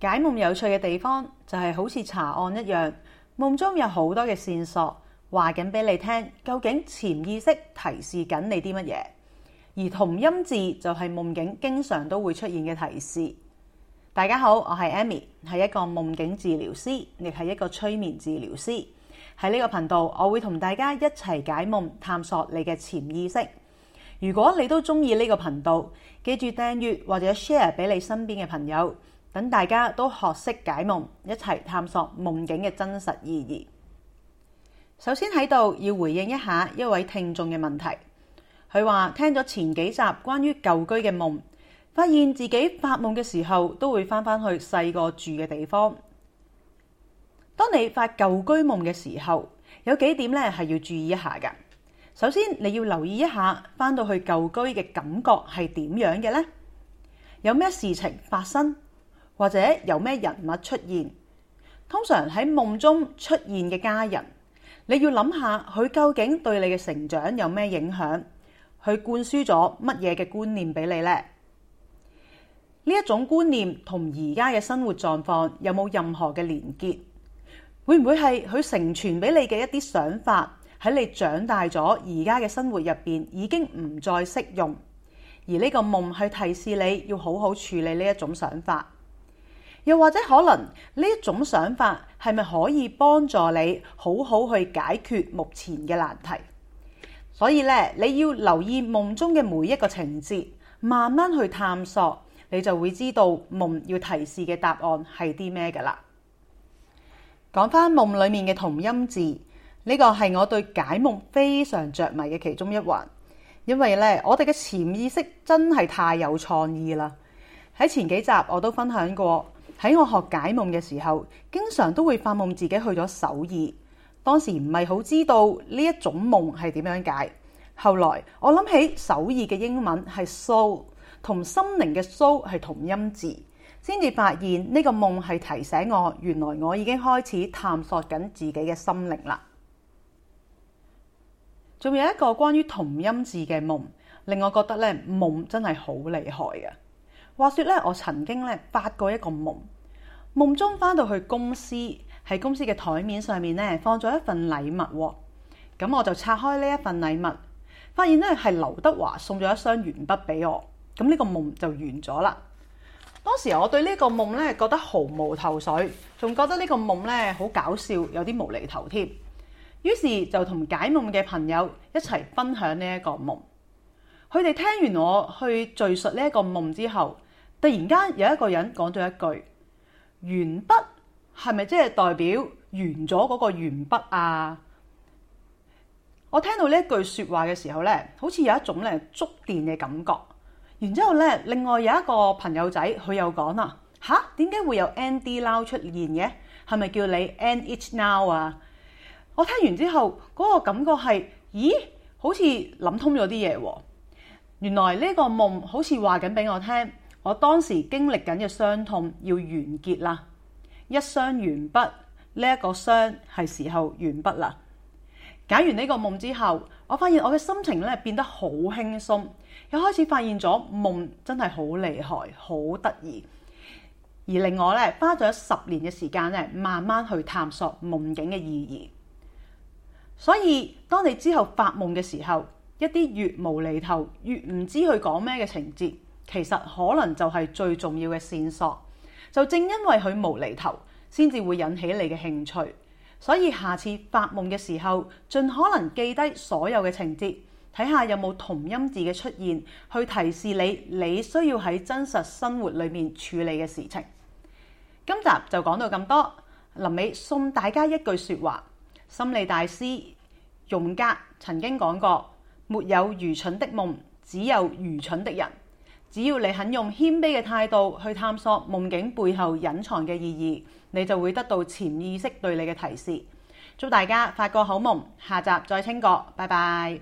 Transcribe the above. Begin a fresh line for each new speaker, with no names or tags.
解夢有趣嘅地方就係好似查案一樣，夢中有好多嘅線索話緊俾你聽，究竟潛意識提示緊你啲乜嘢，而同音字就係夢境經常都會出現嘅提示。大家好，我係 Amy，係一個夢境治療師，亦係一個催眠治療師。喺呢個頻道，我會同大家一齊解夢，探索你嘅潛意識。如果你都中意呢個頻道，記住訂閱或者 share 俾你身邊嘅朋友。等大家都學識解夢，一齊探索夢境嘅真實意義。首先喺度要回應一下一位聽眾嘅問題，佢話聽咗前幾集關於舊居嘅夢，發現自己發夢嘅時候都會翻返去細個住嘅地方。當你發舊居夢嘅時候，有幾點咧係要注意一下㗎。首先，你要留意一下翻到去舊居嘅感覺係點樣嘅呢？有咩事情發生？或者有咩人物出現，通常喺夢中出現嘅家人，你要諗下佢究竟對你嘅成長有咩影響？佢灌輸咗乜嘢嘅觀念俾你呢？呢一種觀念同而家嘅生活狀況有冇任何嘅連結？會唔會係佢承傳俾你嘅一啲想法喺你長大咗而家嘅生活入邊已經唔再適用？而呢個夢去提示你要好好處理呢一種想法。又或者可能呢一種想法係咪可以幫助你好好去解決目前嘅難題？所以咧，你要留意夢中嘅每一個情節，慢慢去探索，你就會知道夢要提示嘅答案係啲咩㗎啦。講翻夢裏面嘅同音字，呢個係我對解夢非常着迷嘅其中一環，因為咧，我哋嘅潛意識真係太有創意啦。喺前幾集我都分享過。喺我學解夢嘅時候，經常都會發夢自己去咗首爾。當時唔係好知道呢一種夢係點樣解。後來我諗起首爾嘅英文係 Soul，同心靈嘅 Soul 係同音字，先至發現呢個夢係提醒我，原來我已經開始探索緊自己嘅心靈啦。仲有一個關於同音字嘅夢，令我覺得呢夢真係好厲害嘅。話說咧，我曾經咧發過一個夢，夢中返到去公司，喺公司嘅台面上面咧放咗一份禮物，咁我就拆開呢一份禮物，發現咧係劉德華送咗一箱鉛筆俾我，咁呢個夢就完咗啦。當時我對呢個夢咧覺得毫無頭緒，仲覺得呢個夢咧好搞笑，有啲無厘頭添。於是就同解夢嘅朋友一齊分享呢一個夢，佢哋聽完我去敘述呢一個夢之後。突然間有一個人講咗一句完筆係咪，即係代表完咗嗰個完筆啊？我聽到呢句說話嘅時候呢，好似有一種咧觸電嘅感覺。然之後咧，另外有一個朋友仔佢又講啊，吓點解會有 Andy Lau 出現嘅？係咪叫你 n e h now 啊？我聽完之後嗰、那個感覺係咦，好似諗通咗啲嘢。原來呢個夢好似話緊俾我聽。我當時經歷緊嘅傷痛要完結啦，一傷完畢，呢一個傷係時候完畢啦。解完呢個夢之後，我發現我嘅心情咧變得好輕鬆，又開始發現咗夢真係好厲害、好得意。而令我咧花咗十年嘅時間咧，慢慢去探索夢境嘅意義。所以，當你之後發夢嘅時候，一啲越無厘頭、越唔知去講咩嘅情節。其實可能就係最重要嘅線索，就正因為佢無厘頭，先至會引起你嘅興趣。所以下次發夢嘅時候，盡可能記低所有嘅情節，睇下有冇同音字嘅出現，去提示你你需要喺真實生活裏面處理嘅事情。今集就講到咁多，臨尾送大家一句說話：心理大師榮格曾經講過，沒有愚蠢的夢，只有愚蠢的人。只要你肯用謙卑嘅態度去探索夢境背後隱藏嘅意義，你就會得到潛意識對你嘅提示。祝大家發個好夢，下集再傾過，拜拜。